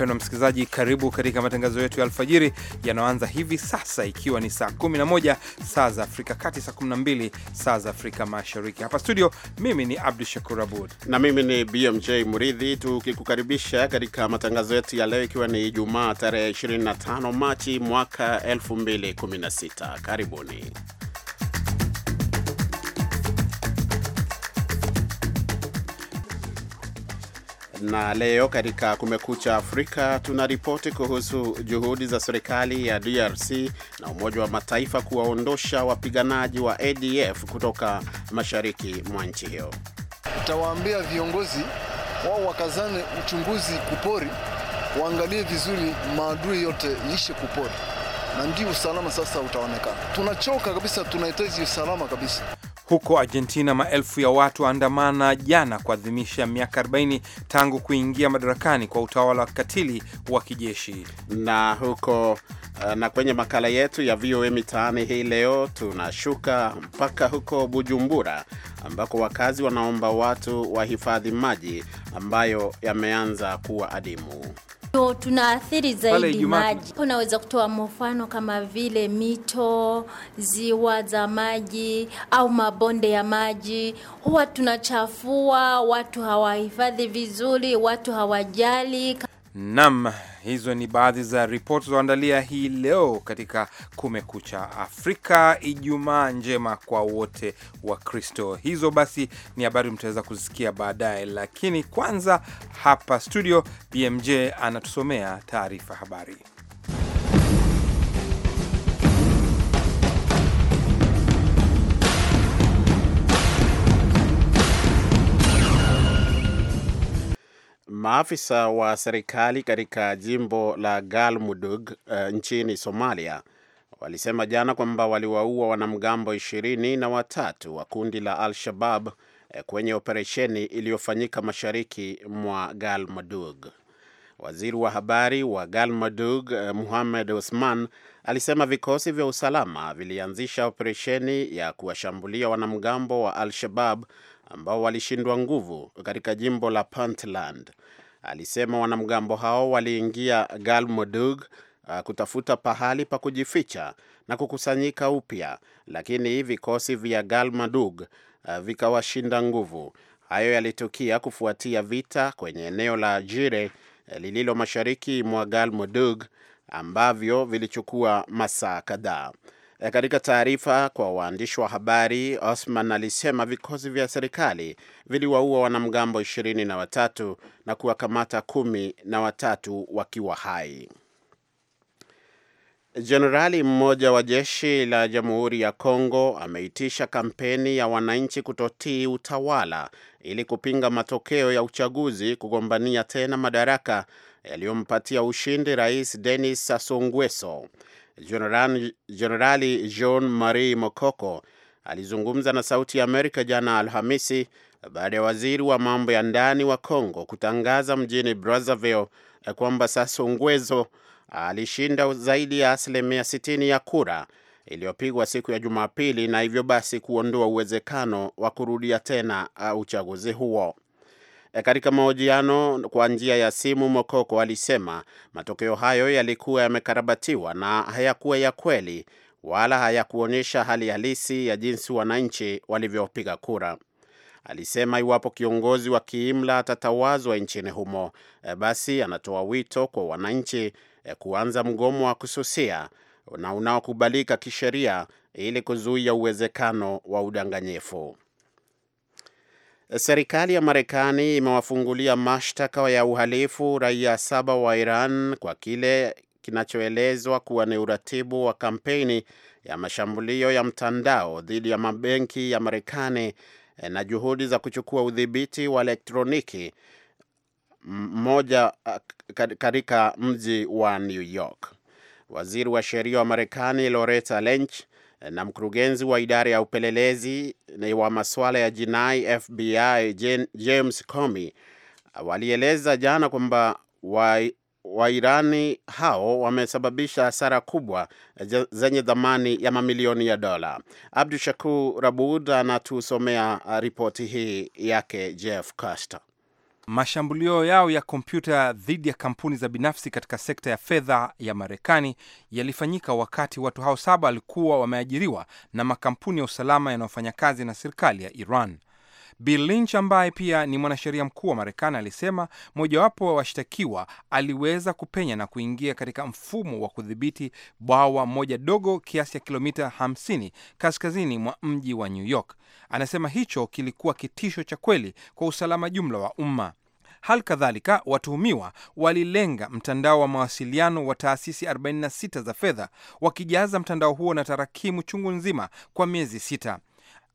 mpendwa msikilizaji, karibu katika matangazo yetu ya alfajiri yanayoanza hivi sasa, ikiwa ni saa 11 saa za Afrika Kati, saa 12 saa za Afrika Mashariki. Hapa studio, mimi ni Abdu Shakur Abud na mimi ni BMJ Muridhi, tukikukaribisha katika matangazo yetu ya leo, ikiwa ni Ijumaa tarehe 25 Machi mwaka 2016. Karibuni. Na leo katika Kumekucha Afrika tunaripoti kuhusu juhudi za serikali ya DRC na Umoja wa Mataifa kuwaondosha wapiganaji wa ADF kutoka mashariki mwa nchi hiyo. Tutawaambia viongozi wao wakazane uchunguzi kupori, waangalie vizuri maadui yote iishe kupori, na ndio usalama sasa utaonekana. Tunachoka kabisa, tunahitaji usalama kabisa. Huko Argentina, maelfu ya watu waandamana jana kuadhimisha miaka 40 tangu kuingia madarakani kwa utawala wa katili wa kijeshi. Na huko eh, na kwenye makala yetu ya VOA Mitaani hii leo tunashuka mpaka huko Bujumbura, ambako wakazi wanaomba watu wahifadhi maji ambayo yameanza kuwa adimu so, tunaathiri zaidi maji. Unaweza kutoa mfano kama vile mito, ziwa za maji au mabonde ya maji, huwa tunachafua, watu hawahifadhi vizuri, watu hawajali. Naam hizo ni baadhi za ripoti zaandalia hii leo katika Kumekucha Afrika. Ijumaa njema kwa wote wa Kristo. Hizo basi ni habari mtaweza kuzisikia baadaye, lakini kwanza hapa studio BMJ anatusomea taarifa habari. Maafisa wa serikali katika jimbo la Galmudug uh, nchini Somalia walisema jana kwamba waliwaua wanamgambo ishirini na watatu wa kundi la Al-Shabab uh, kwenye operesheni iliyofanyika mashariki mwa Galmudug. Waziri wa habari wa Galmudug uh, eh, Muhamed usman alisema vikosi vya usalama vilianzisha operesheni ya kuwashambulia wanamgambo wa Al-Shabab ambao walishindwa nguvu katika jimbo la Puntland alisema wanamgambo hao waliingia Galmudug uh, kutafuta pahali pa kujificha na kukusanyika upya, lakini vikosi vya Galmadug uh, vikawashinda nguvu. Hayo yalitukia kufuatia vita kwenye eneo la Jire eh, lililo mashariki mwa Galmudug ambavyo vilichukua masaa kadhaa. Eh, katika taarifa kwa waandishi wa habari, Osman alisema vikosi vya serikali viliwaua wanamgambo ishirini na watatu na kuwakamata kumi na watatu wakiwa hai. Jenerali mmoja wa jeshi la Jamhuri ya Kongo ameitisha kampeni ya wananchi kutotii utawala ili kupinga matokeo ya uchaguzi kugombania tena madaraka yaliyompatia ushindi Rais Denis Sassou Nguesso. Jenerali Jean Marie Mokoko alizungumza na Sauti ya Amerika jana Alhamisi baada ya waziri wa mambo ya ndani wa Congo kutangaza mjini Brazzaville kwamba Sassou Nguesso alishinda zaidi ya asilimia 60 ya kura iliyopigwa siku ya Jumapili na hivyo basi kuondoa uwezekano wa kurudia tena uh, uchaguzi huo. E, katika mahojiano kwa njia ya simu Mokoko alisema matokeo hayo yalikuwa yamekarabatiwa na hayakuwa ya kweli wala hayakuonyesha hali halisi ya jinsi wananchi walivyopiga kura. Alisema iwapo kiongozi wa kiimla atatawazwa nchini humo, e, basi anatoa wito kwa wananchi e, kuanza mgomo wa kususia na unaokubalika kisheria ili kuzuia uwezekano wa udanganyifu. Serikali ya Marekani imewafungulia mashtaka ya uhalifu raia saba wa Iran kwa kile kinachoelezwa kuwa ni uratibu wa kampeni ya mashambulio ya mtandao dhidi ya mabenki ya Marekani eh, na juhudi za kuchukua udhibiti wa elektroniki mmoja ah, katika mji wa New York. Waziri wa sheria wa Marekani Loretta Lynch na mkurugenzi wa idara ya upelelezi wa masuala ya jinai FBI James Comey walieleza jana kwamba wa Wairani hao wamesababisha hasara kubwa zenye thamani ya mamilioni ya dola. Abdu Shakur Rabud anatusomea uh, ripoti hii yake Jeff Custer. Mashambulio yao ya kompyuta dhidi ya kampuni za binafsi katika sekta ya fedha ya Marekani yalifanyika wakati watu hao saba walikuwa wameajiriwa na makampuni ya usalama yanayofanya kazi na serikali ya Iran. Bill Lynch ambaye pia ni mwanasheria mkuu wa Marekani alisema mojawapo wa washtakiwa aliweza kupenya na kuingia katika mfumo wa kudhibiti bwawa moja dogo kiasi ya kilomita 50 kaskazini mwa mji wa New York. Anasema hicho kilikuwa kitisho cha kweli kwa usalama jumla wa umma. Hali kadhalika watuhumiwa walilenga mtandao wa mawasiliano wa taasisi 46 za fedha, wakijaza mtandao huo na tarakimu chungu nzima kwa miezi sita.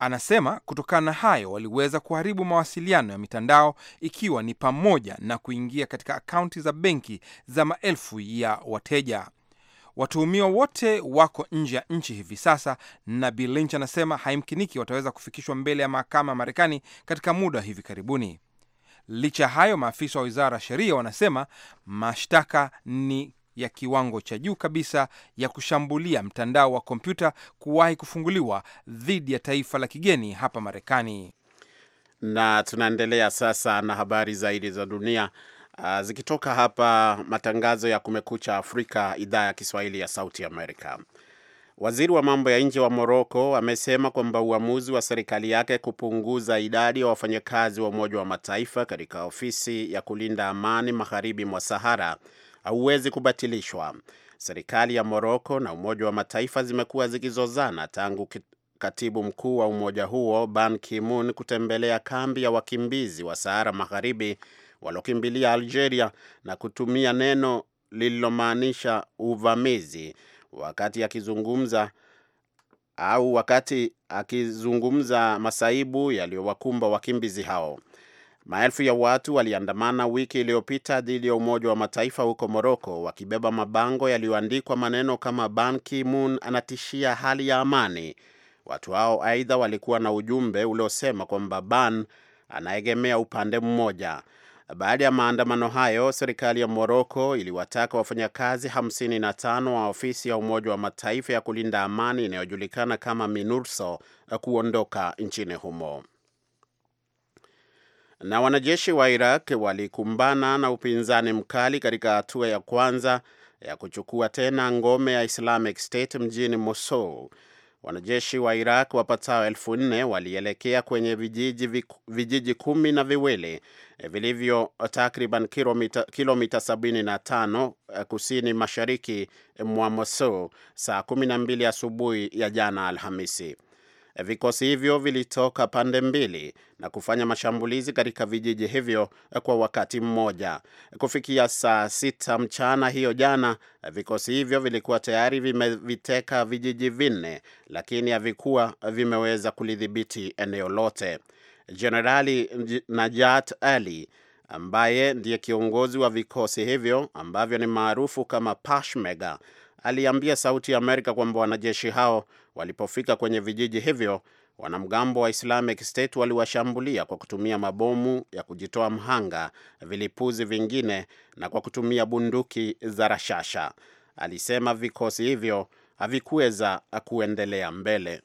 Anasema kutokana na hayo waliweza kuharibu mawasiliano ya mitandao, ikiwa ni pamoja na kuingia katika akaunti za benki za maelfu ya wateja. Watuhumiwa wote wako nje ya nchi hivi sasa, na Bi Lynch anasema haimkiniki wataweza kufikishwa mbele ya mahakama ya Marekani katika muda wa hivi karibuni. Licha ya hayo, maafisa wa wizara ya sheria wanasema mashtaka ni ya kiwango cha juu kabisa ya kushambulia mtandao wa kompyuta kuwahi kufunguliwa dhidi ya taifa la kigeni hapa Marekani. Na tunaendelea sasa na habari zaidi za dunia ah, zikitoka hapa, matangazo ya Kumekucha Afrika, idhaa ya Kiswahili ya Sauti Amerika. Waziri wa mambo ya nje wa Moroko amesema kwamba uamuzi wa serikali yake kupunguza idadi ya wafanyakazi wa Umoja wa Mataifa katika ofisi ya kulinda amani magharibi mwa Sahara hauwezi kubatilishwa. Serikali ya Moroko na Umoja wa Mataifa zimekuwa zikizozana tangu katibu mkuu wa umoja huo Ban Ki-moon kutembelea kambi ya wakimbizi wa Sahara Magharibi waliokimbilia Algeria na kutumia neno lililomaanisha uvamizi wakati akizungumza au wakati akizungumza masaibu yaliyowakumba wakimbizi hao. Maelfu ya watu waliandamana wiki iliyopita dhidi ya Umoja wa Mataifa huko Moroko, wakibeba mabango yaliyoandikwa maneno kama Ban Ki-moon anatishia hali ya amani. Watu hao aidha walikuwa na ujumbe uliosema kwamba Ban anaegemea upande mmoja. Baada ya maandamano hayo, serikali ya Moroko iliwataka wafanyakazi 55 wa ofisi ya Umoja wa Mataifa ya kulinda amani inayojulikana kama MINURSO kuondoka nchini humo. Na wanajeshi wa Iraq walikumbana na upinzani mkali katika hatua ya kwanza ya kuchukua tena ngome ya Islamic State mjini Mosul. Wanajeshi wa Iraq wapatao elfu nne walielekea kwenye vijiji, vijiji kumi na viwili eh, vilivyo eh, takriban kilomita 75 eh, kusini mashariki mwa Mosul saa 12 asubuhi ya jana Alhamisi. Vikosi hivyo vilitoka pande mbili na kufanya mashambulizi katika vijiji hivyo kwa wakati mmoja. Kufikia saa sita mchana hiyo jana, vikosi hivyo vilikuwa tayari vimeviteka vijiji vinne, lakini havikuwa vimeweza kulidhibiti eneo lote. Jenerali Najat Ali ambaye ndiye kiongozi wa vikosi hivyo ambavyo ni maarufu kama Peshmerga aliambia Sauti ya Amerika kwamba wanajeshi hao walipofika kwenye vijiji hivyo, wanamgambo wa Islamic State waliwashambulia kwa kutumia mabomu ya kujitoa mhanga, vilipuzi vingine na kwa kutumia bunduki za rashasha. Alisema vikosi hivyo havikuweza kuendelea mbele.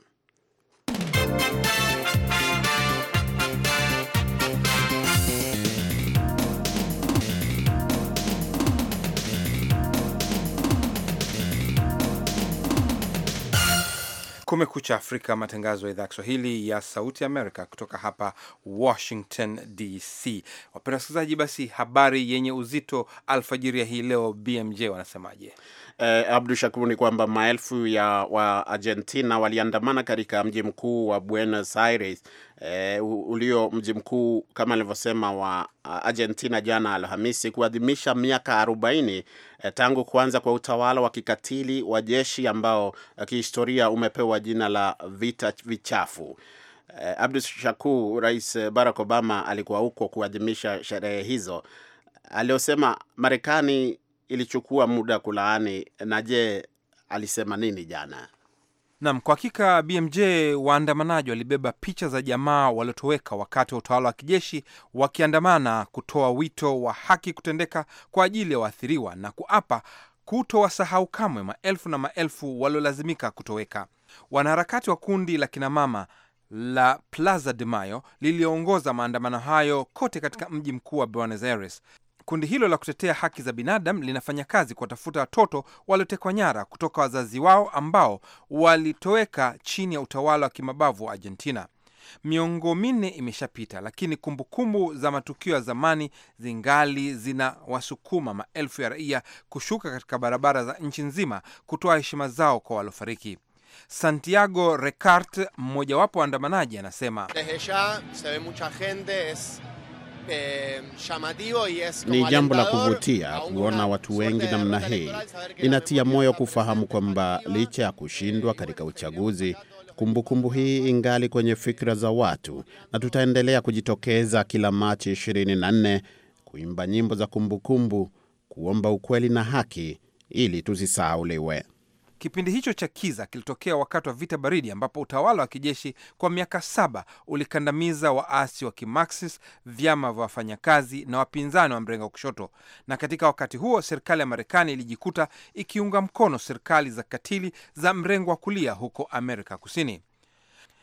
Kumekucha Afrika, matangazo ya idhaa ya Kiswahili ya Sauti Amerika kutoka hapa Washington DC. Wapenda wasikilizaji, basi habari yenye uzito alfajiri ya hii leo, BMJ wanasemaje? eh, Abdu Shakur, ni kwamba maelfu ya wa Argentina waliandamana katika mji mkuu wa Buenos Aires eh, ulio mji mkuu kama alivyosema wa Argentina jana Alhamisi kuadhimisha miaka 40 eh, tangu kuanza kwa utawala wa kikatili wa jeshi ambao eh, kihistoria umepewa jina la vita vichafu. Eh, Abdu Shakur, Rais Barack Obama alikuwa huko kuadhimisha sherehe hizo, aliosema Marekani ilichukua muda kulaani, na je, alisema nini jana? Nam, kwa hakika BMJ, waandamanaji walibeba picha za jamaa waliotoweka wakati wa utawala wa kijeshi wakiandamana kutoa wito wa haki kutendeka kwa ajili ya waathiriwa na kuapa kutowasahau kamwe maelfu na maelfu waliolazimika kutoweka. Wanaharakati wa kundi la kinamama la Plaza de Mayo lilioongoza maandamano hayo kote katika mji mkuu wa Buenos Aires Kundi hilo la kutetea haki za binadamu linafanya kazi kuwatafuta watoto waliotekwa nyara kutoka wazazi wao ambao walitoweka chini ya utawala wa kimabavu wa Argentina. Miongo minne imeshapita, lakini kumbukumbu kumbu za matukio ya zamani zingali zinawasukuma maelfu ya raia kushuka katika barabara za nchi nzima kutoa heshima zao kwa waliofariki. Santiago Recart, mmojawapo waandamanaji, anasema Eh, ni jambo la kuvutia kuona watu wengi namna hii. Inatia moyo kufahamu kwamba licha ya kushindwa katika uchaguzi, kumbukumbu kumbu hii ingali kwenye fikra za watu, na tutaendelea kujitokeza kila Machi 24 kuimba nyimbo za kumbukumbu kumbu, kuomba ukweli na haki ili tusisahauliwe. Kipindi hicho cha kiza kilitokea wakati wa vita baridi, ambapo utawala wa kijeshi kwa miaka saba ulikandamiza waasi wa Kimaxis, vyama vya wafanyakazi na wapinzani wa mrengo wa kushoto. Na katika wakati huo serikali ya Marekani ilijikuta ikiunga mkono serikali za katili za mrengo wa kulia huko Amerika Kusini.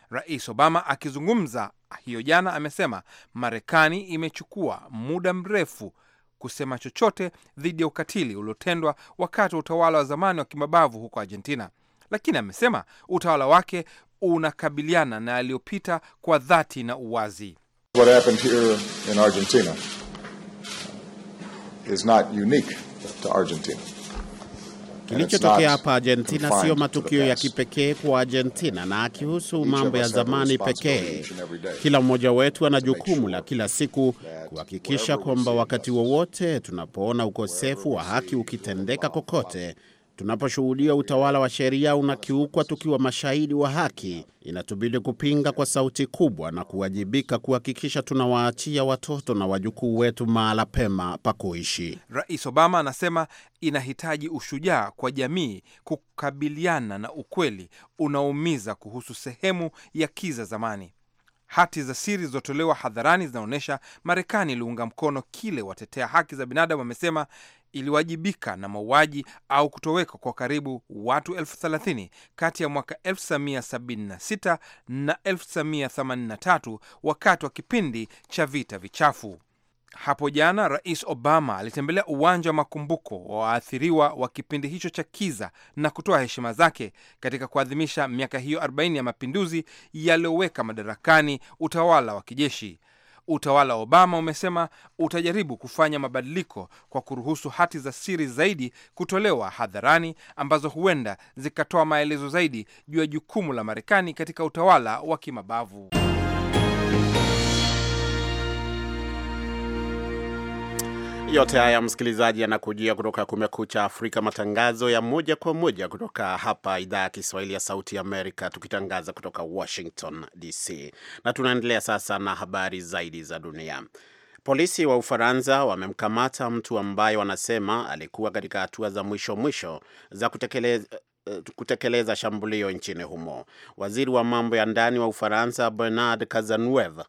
Rais Obama akizungumza hiyo jana amesema Marekani imechukua muda mrefu kusema chochote dhidi ya ukatili uliotendwa wakati wa utawala wa zamani wa kimabavu huko Argentina, lakini amesema utawala wake unakabiliana na yaliyopita kwa dhati na uwazi. What Kilichotokea hapa Argentina sio matukio ya kipekee kwa Argentina na akihusu mambo ya zamani pekee. Kila mmoja wetu ana jukumu la kila siku kuhakikisha kwamba wakati wowote tunapoona ukosefu wa haki ukitendeka kokote Tunaposhuhudia utawala wa sheria unakiukwa tukiwa mashahidi wa haki, inatubidi kupinga kwa sauti kubwa na kuwajibika kuhakikisha tunawaachia watoto na wajukuu wetu mahala pema pa kuishi. Rais Obama anasema inahitaji ushujaa kwa jamii kukabiliana na ukweli unaoumiza kuhusu sehemu ya kiza zamani. Hati za siri zilizotolewa hadharani zinaonyesha Marekani iliunga mkono kile watetea haki za binadamu wamesema iliwajibika na mauaji au kutoweka kwa karibu watu elfu thelathini kati ya mwaka 1976 na 1983 wakati wa kipindi cha vita vichafu. Hapo jana Rais Obama alitembelea uwanja wa makumbuko wa waathiriwa wa kipindi hicho cha kiza na kutoa heshima zake katika kuadhimisha miaka hiyo 40 ya mapinduzi yaliyoweka madarakani utawala wa kijeshi. Utawala wa Obama umesema utajaribu kufanya mabadiliko kwa kuruhusu hati za siri zaidi kutolewa hadharani ambazo huenda zikatoa maelezo zaidi juu ya jukumu la Marekani katika utawala wa kimabavu. Yote haya msikilizaji, yanakujia kutoka Kumekucha Afrika, matangazo ya moja kwa moja kutoka hapa idhaa ya Kiswahili ya Sauti Amerika, tukitangaza kutoka Washington DC. Na tunaendelea sasa na habari zaidi za dunia. Polisi wa Ufaransa wamemkamata mtu ambaye wanasema alikuwa katika hatua za mwisho mwisho za kutekeleza kutekeleza shambulio nchini humo. Waziri wa mambo ya ndani wa Ufaransa Bernard Cazeneuve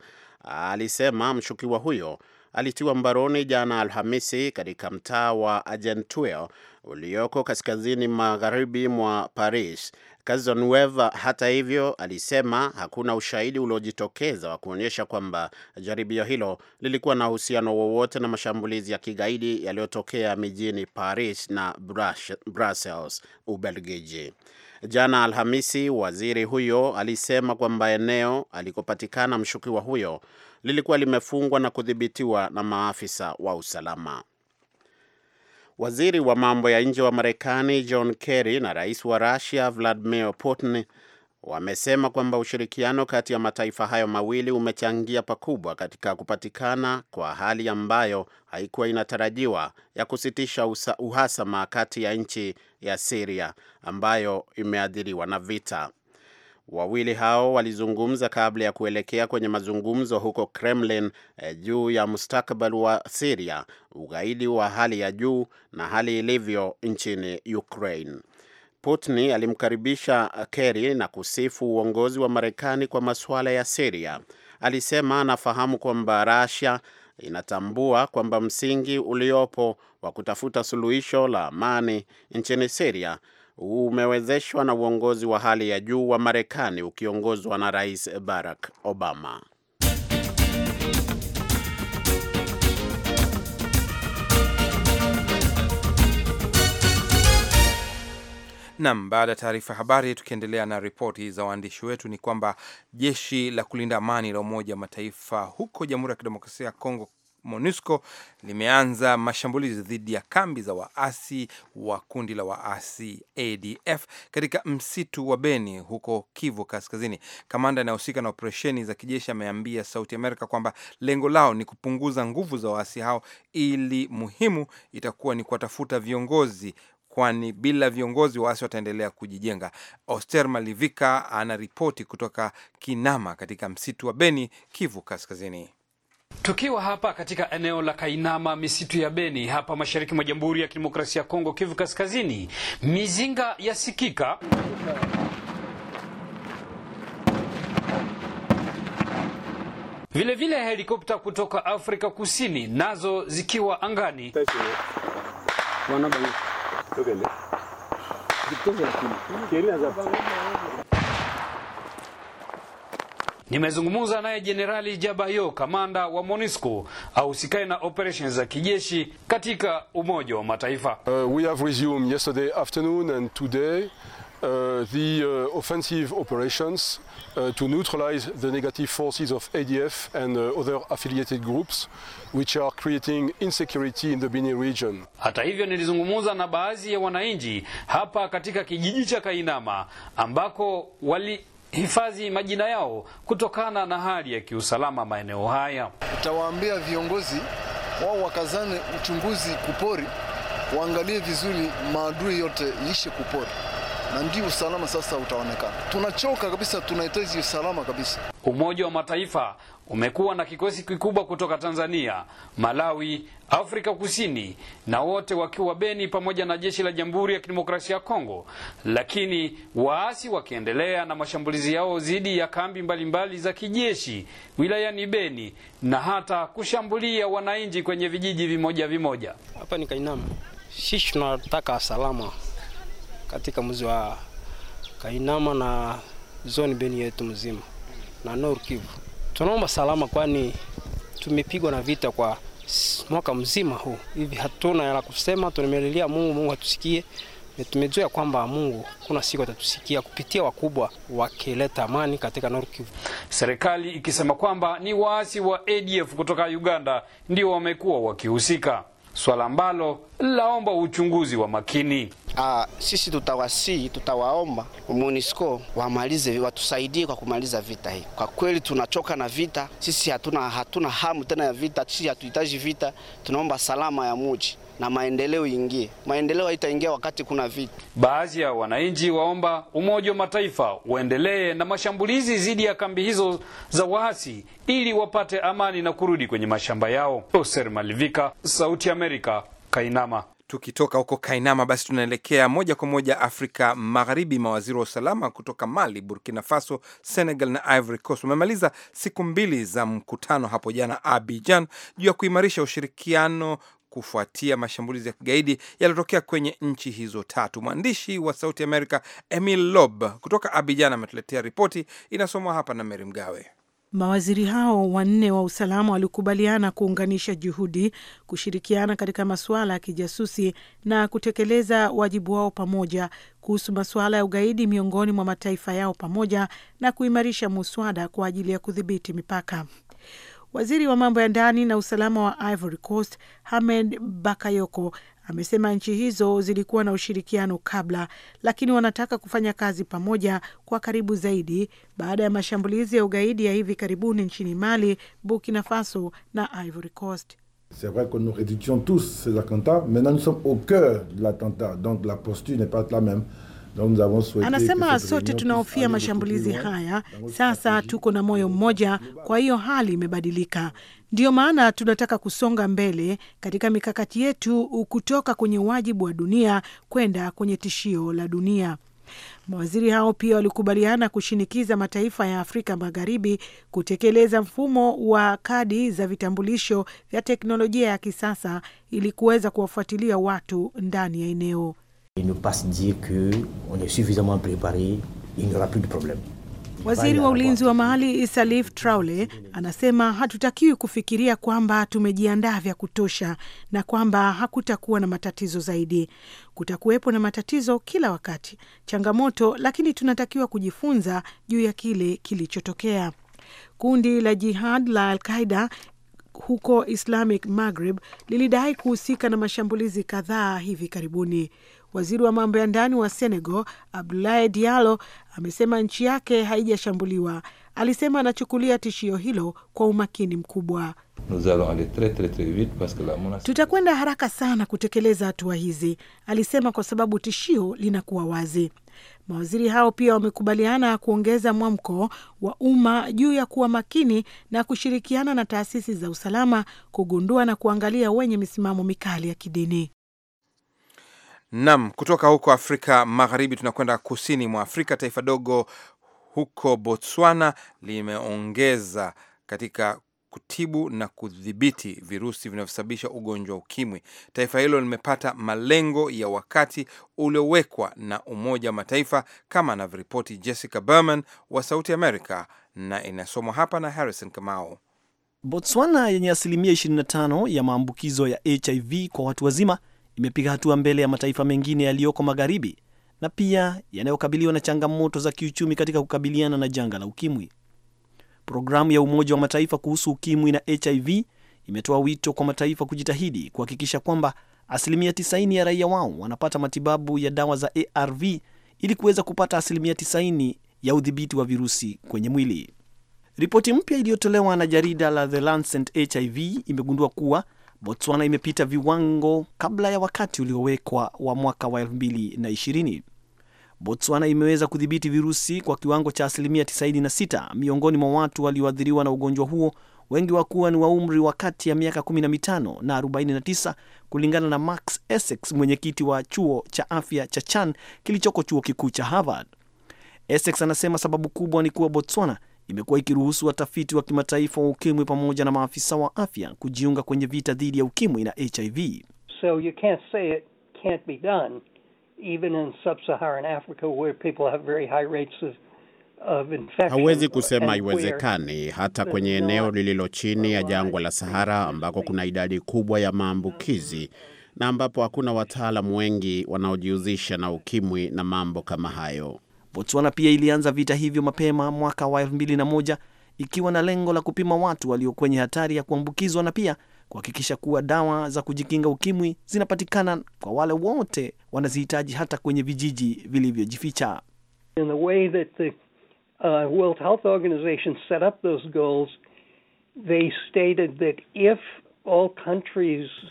alisema mshukiwa huyo alitiwa mbaroni jana Alhamisi katika mtaa wa Argenteuil ulioko kaskazini magharibi mwa Paris Cazon hata hivyo alisema hakuna ushahidi uliojitokeza wa kuonyesha kwamba jaribio hilo lilikuwa na uhusiano wowote na mashambulizi ya kigaidi yaliyotokea mijini Paris na Brussels, Ubelgiji. Jana Alhamisi, waziri huyo alisema kwamba eneo alikopatikana mshukiwa huyo lilikuwa limefungwa na kudhibitiwa na maafisa wa usalama. Waziri wa mambo ya nje wa Marekani John Kerry na rais wa Russia Vladimir Putin wamesema kwamba ushirikiano kati ya mataifa hayo mawili umechangia pakubwa katika kupatikana kwa hali ambayo haikuwa inatarajiwa ya kusitisha uhasama kati ya nchi ya Syria ambayo imeathiriwa na vita. Wawili hao walizungumza kabla ya kuelekea kwenye mazungumzo huko Kremlin eh, juu ya mustakabali wa siria ugaidi wa hali ya juu na hali ilivyo nchini Ukraine. Putin alimkaribisha Kerry na kusifu uongozi wa Marekani kwa masuala ya siria Alisema anafahamu kwamba Russia inatambua kwamba msingi uliopo wa kutafuta suluhisho la amani nchini siria umewezeshwa na uongozi wa hali ya juu wa Marekani ukiongozwa na Rais Barack Obama. Nam, baada ya taarifa habari, tukiendelea na ripoti za waandishi wetu, ni kwamba jeshi la kulinda amani la Umoja wa Mataifa huko Jamhuri ya Kidemokrasia ya Kongo MONUSCO limeanza mashambulizi dhidi ya kambi za waasi wa kundi la waasi ADF katika msitu wa Beni huko Kivu Kaskazini. Kamanda anayehusika na operesheni za kijeshi ameambia Sauti Amerika kwamba lengo lao ni kupunguza nguvu za waasi hao, ili muhimu itakuwa ni kuwatafuta viongozi kwani bila viongozi waasi wataendelea kujijenga. Oster Malivika anaripoti kutoka Kinama katika msitu wa Beni, Kivu Kaskazini. Tukiwa hapa katika eneo la Kainama, misitu ya Beni hapa mashariki mwa Jamhuri ya Kidemokrasia ya Kongo, Kivu Kaskazini, mizinga yasikika vilevile, helikopta kutoka Afrika Kusini nazo zikiwa angani. Nimezungumza naye Jenerali Jabayo, kamanda wa MONUSCO ahusikaye na operations za kijeshi katika Umoja wa Mataifa. Uh, we have resumed yesterday afternoon and today Uh, the uh, offensive operations uh, to neutralize the negative forces of ADF and uh, other affiliated groups which are creating insecurity in the Beni region. Hata hivyo nilizungumza na baadhi ya wananchi hapa katika kijiji cha Kainama ambako wali hifadhi majina yao kutokana na hali ya kiusalama maeneo haya. Utawaambia viongozi wao wakazane uchunguzi kupori, waangalie vizuri maadui yote ishe kupori na ndio usalama sasa utaonekana. Tunachoka kabisa, tunahitaji usalama kabisa. Umoja wa Mataifa umekuwa na kikosi kikubwa kutoka Tanzania, Malawi, Afrika Kusini na wote wakiwa Beni pamoja na jeshi la Jamhuri ya Kidemokrasia ya Kongo, lakini waasi wakiendelea na mashambulizi yao dhidi ya kambi mbalimbali mbali za kijeshi wilayani Beni na hata kushambulia wananchi kwenye vijiji vimoja vimoja. Hapa ni Kainama. Sisi tunataka salama katika mji wa Kainama na zoni Beni yetu mzima na Nord Kivu. Tunaomba salama, kwani tumepigwa na vita kwa mwaka mzima huu hivi, hatuna la kusema. Tumelilia Mungu, Mungu atusikie. Tumejua kwamba Mungu kuna siku atatusikia kupitia wakubwa wakileta amani katika Nord Kivu. Serikali ikisema kwamba ni waasi wa ADF kutoka Uganda ndio wamekuwa wakihusika swala ambalo laomba uchunguzi wa makini. Aa, ah, sisi tutawasii, tutawaomba MONUSCO wamalize, watusaidie kwa kumaliza vita hii. Kwa kweli tunachoka na vita, sisi hatuna hatuna hamu tena ya vita, sisi hatuhitaji vita, tunaomba salama ya muji na maendeleo ingie. Maendeleo haitaingia wakati kuna vita. Baadhi ya wananchi waomba Umoja wa Mataifa uendelee na mashambulizi dhidi ya kambi hizo za waasi ili wapate amani na kurudi kwenye mashamba yao. Oser Malivika, Sauti ya Amerika, Kainama. Tukitoka huko Kainama basi tunaelekea moja kwa moja Afrika Magharibi. Mawaziri wa usalama kutoka Mali, Burkina Faso, Senegal na Ivory Coast wamemaliza siku mbili za mkutano hapo jana Abidjan juu ya kuimarisha ushirikiano kufuatia mashambulizi ya kigaidi yaliyotokea kwenye nchi hizo tatu. Mwandishi wa Sauti Amerika Emil Lob kutoka abijan ametuletea ripoti, inasomwa hapa na Meri Mgawe. Mawaziri hao wanne wa usalama walikubaliana kuunganisha juhudi, kushirikiana katika masuala ya kijasusi na kutekeleza wajibu wao pamoja kuhusu masuala ya ugaidi miongoni mwa mataifa yao pamoja na kuimarisha muswada kwa ajili ya kudhibiti mipaka. Waziri wa mambo ya ndani na usalama wa Ivory Coast Hamed Bakayoko amesema nchi hizo zilikuwa na ushirikiano kabla, lakini wanataka kufanya kazi pamoja kwa karibu zaidi baada ya mashambulizi ya ugaidi ya hivi karibuni nchini Mali, Burkina Faso na Ivory Coast. C'est vrai que nous tous ces attentats. Maintenant, nous sommes au cœur de l'attentat. Donc, la posture n'est pas la même. Anasema sote tunahofia mashambulizi haya, sasa tuko na moyo mmoja, kwa hiyo hali imebadilika. Ndiyo maana tunataka kusonga mbele katika mikakati yetu kutoka kwenye wajibu wa dunia kwenda kwenye tishio la dunia. Mawaziri hao pia walikubaliana kushinikiza mataifa ya Afrika Magharibi kutekeleza mfumo wa kadi za vitambulisho vya teknolojia ya kisasa ili kuweza kuwafuatilia watu ndani ya eneo et ne se dire qu'on est suffisamment préparé, il n'y aura plus de problème. Waziri wa ulinzi wa Mali Salif Traule anasema hatutakiwi kufikiria kwamba tumejiandaa vya kutosha na kwamba hakutakuwa na matatizo zaidi. Kutakuwepo na matatizo kila wakati, changamoto, lakini tunatakiwa kujifunza juu ya kile kilichotokea. Kundi la Jihad la Alqaida huko Islamic Maghreb lilidai kuhusika na mashambulizi kadhaa hivi karibuni. Waziri wa mambo ya ndani wa Senegal Abdoulaye Diallo amesema nchi yake haijashambuliwa. Alisema anachukulia tishio hilo kwa umakini mkubwa. Tutakwenda haraka sana kutekeleza hatua hizi, alisema, kwa sababu tishio linakuwa wazi. Mawaziri hao pia wamekubaliana kuongeza mwamko wa umma juu ya kuwa makini na kushirikiana na taasisi za usalama kugundua na kuangalia wenye misimamo mikali ya kidini. Nam, kutoka huko Afrika Magharibi tunakwenda kusini mwa Afrika. Taifa dogo huko Botswana limeongeza katika kutibu na kudhibiti virusi vinavyosababisha ugonjwa wa ukimwi. Taifa hilo limepata malengo ya wakati uliowekwa na Umoja wa Mataifa kama anavyoripoti Jessica Berman wa Sauti America, na inasomwa hapa na Harrison Kamau. Botswana yenye asilimia 25 ya maambukizo ya HIV kwa watu wazima imepiga hatua mbele ya mataifa mengine yaliyoko magharibi na pia yanayokabiliwa na changamoto za kiuchumi katika kukabiliana na janga la ukimwi. Programu ya Umoja wa Mataifa kuhusu ukimwi na HIV imetoa wito kwa mataifa kujitahidi kuhakikisha kwamba asilimia 90 ya raia wao wanapata matibabu ya dawa za ARV ili kuweza kupata asilimia 90 ya udhibiti wa virusi kwenye mwili. Ripoti mpya iliyotolewa na jarida la The Lancet HIV imegundua kuwa Botswana imepita viwango kabla ya wakati uliowekwa wa mwaka wa 2020. Botswana imeweza kudhibiti virusi kwa kiwango cha asilimia 96 miongoni mwa watu walioathiriwa na ugonjwa huo, wengi wakuwa ni wa umri wa kati ya miaka 15 na 49, kulingana na Max Essex, mwenyekiti wa chuo cha afya cha Chan kilichoko chuo kikuu cha Harvard. Essex anasema sababu kubwa ni kuwa Botswana imekuwa ikiruhusu watafiti wa kimataifa wa ukimwi pamoja na maafisa wa afya kujiunga kwenye vita dhidi ya ukimwi na HIV. So you can't say it can't be done even in sub-Saharan Africa where people have very high rates of Hawezi kusema iwezekani hata kwenye eneo lililo chini ya jangwa la Sahara ambako kuna idadi kubwa ya maambukizi na ambapo hakuna wataalamu wengi wanaojihusisha na ukimwi na mambo kama hayo. Botswana pia ilianza vita hivyo mapema mwaka wa 2001 ikiwa na lengo la kupima watu walio kwenye hatari ya kuambukizwa na pia kuhakikisha kuwa dawa za kujikinga ukimwi zinapatikana kwa wale wote wanazihitaji hata kwenye vijiji vilivyojificha. Uh,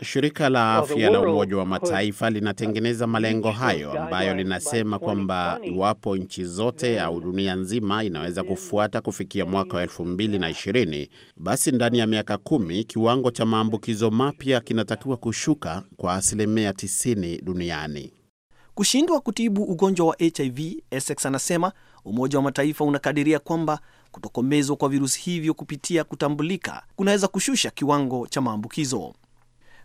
Shirika la afya la Umoja wa Mataifa linatengeneza malengo hayo ambayo linasema kwamba iwapo nchi zote au dunia nzima inaweza kufuata kufikia mwaka wa elfu mbili na ishirini, basi ndani ya miaka kumi kiwango cha maambukizo mapya kinatakiwa kushuka kwa asilimia tisini duniani. Kushindwa kutibu ugonjwa wa HIV, Essex anasema Umoja wa Mataifa unakadiria kwamba Kutokomezwa kwa virusi hivyo kupitia kutambulika kunaweza kushusha kiwango cha maambukizo.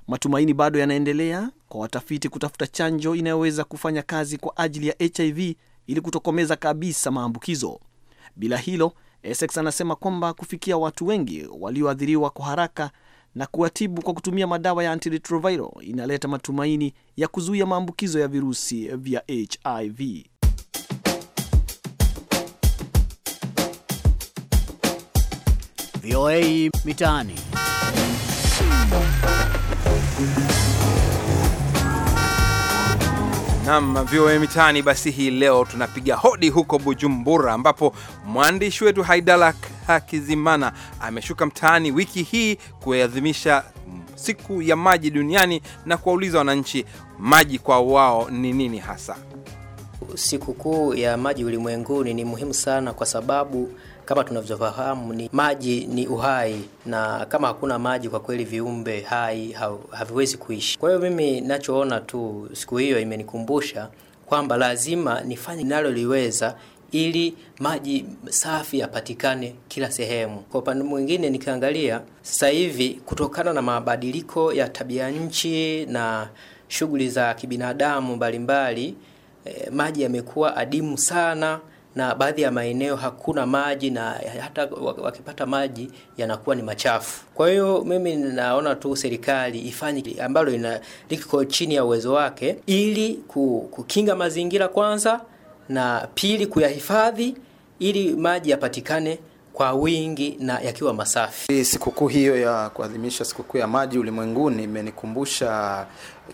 Matumaini bado yanaendelea kwa watafiti kutafuta chanjo inayoweza kufanya kazi kwa ajili ya HIV ili kutokomeza kabisa maambukizo. Bila hilo, Essex anasema kwamba kufikia watu wengi walioathiriwa kwa haraka na kuwatibu kwa kutumia madawa ya antiretroviral inaleta matumaini ya kuzuia maambukizo ya virusi vya HIV. VOA Mitaani. Nam VOA Mitaani. Basi hii leo tunapiga hodi huko Bujumbura, ambapo mwandishi wetu Haidala Hakizimana ameshuka mtaani wiki hii kuadhimisha siku ya maji duniani na kuwauliza wananchi maji kwa wao ni nini hasa. Siku kuu ya maji ulimwenguni ni muhimu sana kwa sababu kama tunavyofahamu ni maji ni uhai, na kama hakuna maji, kwa kweli viumbe hai haviwezi kuishi. Kwa hiyo mimi nachoona tu siku hiyo imenikumbusha kwamba lazima nifanye inaloliweza ili maji safi yapatikane kila sehemu. Kwa upande mwingine, nikiangalia sasa hivi kutokana na mabadiliko ya tabia nchi na shughuli za kibinadamu mbalimbali, eh, maji yamekuwa adimu sana na baadhi ya maeneo hakuna maji na hata wakipata maji yanakuwa ni machafu. Kwa hiyo mimi naona tu serikali ifanye ambalo ina liko chini ya uwezo wake ili kukinga mazingira kwanza, na pili kuyahifadhi ili maji yapatikane kwa wingi na yakiwa masafi. Sikukuu hiyo ya kuadhimisha sikukuu ya maji ulimwenguni imenikumbusha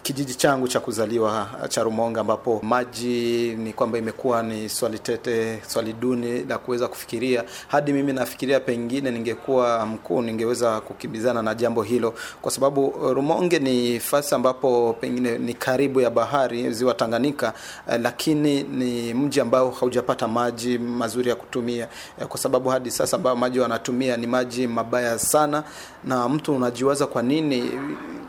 kijiji changu cha kuzaliwa eh, cha Rumonga, ambapo maji ni kwamba imekuwa ni swali tete, swali duni la kuweza kufikiria. Hadi mimi nafikiria pengine ningekuwa mkuu, ningeweza kukimbizana na jambo hilo, kwa sababu eh, Rumonge ni fasi ambapo pengine ni karibu ya bahari, ziwa Tanganyika, eh, lakini ni mji ambao haujapata maji mazuri ya kutumia, kwa sababu hadi sasa ambao maji wanatumia ni maji mabaya sana, na mtu unajiwaza kwa nini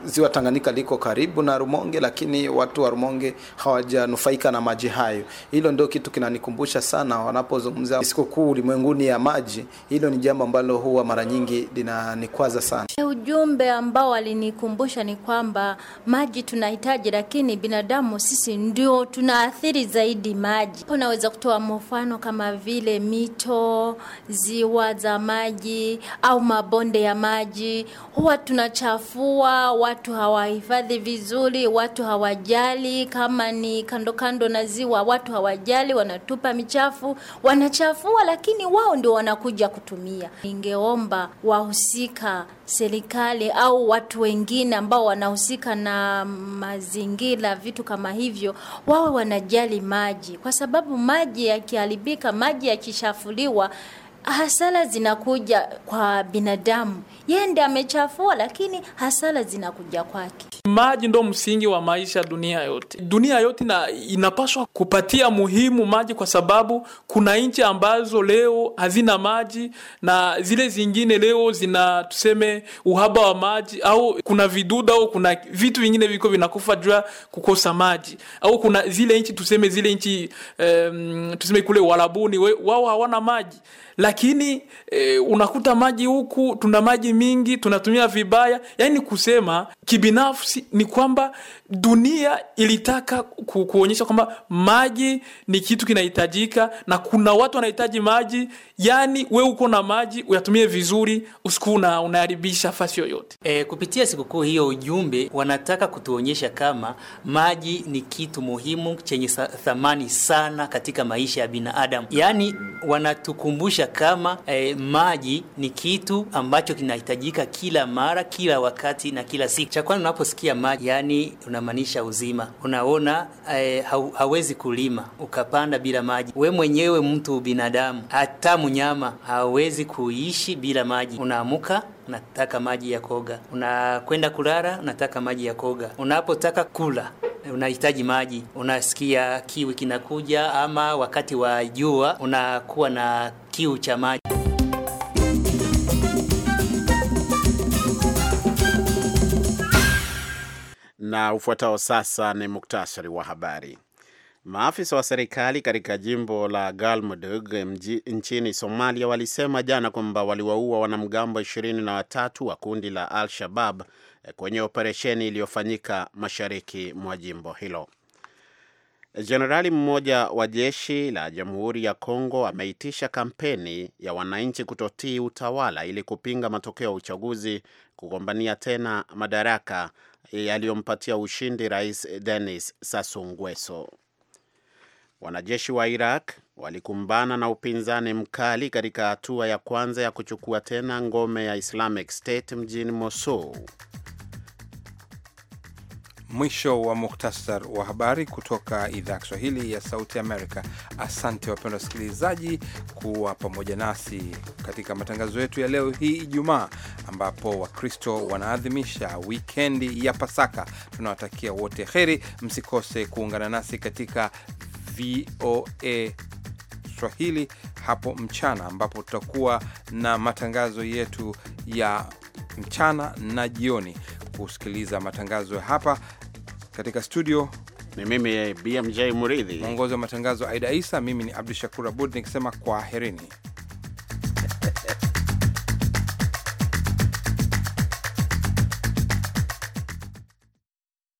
ziwa Tanganyika liko karibu na Rumonge, lakini watu wa Rumonge hawajanufaika na maji hayo. Hilo ndio kitu kinanikumbusha sana wanapozungumza sikukuu ulimwenguni ya maji. Hilo ni jambo ambalo huwa mara nyingi linanikwaza sana. Ujumbe ambao walinikumbusha ni kwamba maji tunahitaji, lakini binadamu sisi ndio tunaathiri zaidi maji. Unaweza kutoa mfano kama vile mito, ziwa za maji au mabonde ya maji, huwa tunachafua, watu hawahifadhi vizuri vizuri, watu hawajali. Kama ni kando kando na ziwa, watu hawajali, wanatupa michafu, wanachafua, lakini wao ndio wanakuja kutumia. Ningeomba wahusika, serikali au watu wengine ambao wanahusika na mazingira, vitu kama hivyo, wawe wanajali maji, kwa sababu maji yakiharibika, maji yakishafuliwa hasara zinakuja kwa binadamu, yeye ndiye amechafua, lakini hasara zinakuja kwake. Maji ndo msingi wa maisha dunia yote. Dunia yote na inapaswa kupatia muhimu maji, kwa sababu kuna nchi ambazo leo hazina maji na zile zingine leo zina tuseme uhaba wa maji, au kuna vidudu au kuna vitu vingine viko vinakufa jua kukosa maji, au kuna zile nchi tuseme zile nchi um, tuseme kule Walabuni wao hawana maji la lakini e, unakuta maji huku tuna maji mingi tunatumia vibaya. Yaani kusema kibinafsi ni kwamba dunia ilitaka ku, kuonyesha kwamba maji ni kitu kinahitajika na kuna watu wanahitaji maji yani we uko na maji uyatumie vizuri usiku na unaharibisha fasi yoyote e, kupitia sikukuu hiyo ujumbe wanataka kutuonyesha kama maji ni kitu muhimu chenye thamani sana katika maisha ya binadamu yani wanatukumbusha kama e, maji ni kitu ambacho kinahitajika kila mara kila wakati na kila siku cha kwanza unaposikia maji yani una unamaanisha uzima. Unaona eh, hawezi kulima ukapanda bila maji. We mwenyewe mtu binadamu, hata mnyama hawezi kuishi bila maji. Unaamuka unataka maji ya koga, unakwenda kulala unataka maji ya koga, unapotaka kula unahitaji maji. Unasikia kiwi kinakuja, ama wakati wa jua unakuwa na kiu cha maji. Na ufuatao sasa ni muktasari wa habari. Maafisa wa serikali katika jimbo la Galmudug nchini Somalia walisema jana kwamba waliwaua wanamgambo ishirini na watatu wa kundi la Al Shabab eh, kwenye operesheni iliyofanyika mashariki mwa jimbo hilo. Jenerali mmoja wa jeshi la Jamhuri ya Kongo ameitisha kampeni ya wananchi kutotii utawala ili kupinga matokeo ya uchaguzi kugombania tena madaraka yaliyompatia eh, ushindi Rais Denis Sassou Nguesso. Wanajeshi wa Iraq walikumbana na upinzani mkali katika hatua ya kwanza ya kuchukua tena ngome ya Islamic State mjini Mosul. Mwisho wa muktasar wa habari kutoka idhaa ya Kiswahili ya Sauti Amerika. Asante wapendwa wasikilizaji kuwa pamoja nasi katika matangazo yetu ya leo hii Ijumaa, ambapo Wakristo wanaadhimisha wikendi ya Pasaka. Tunawatakia wote heri, msikose kuungana nasi katika VOA Swahili hapo mchana, ambapo tutakuwa na matangazo yetu ya mchana na jioni kusikiliza matangazo ya hapa katika studio ni mimi eh, BMJ Muridhi, mwongozi wa matangazo Aida Isa. Mimi ni Abdu Shakur Abud nikisema kwa herini.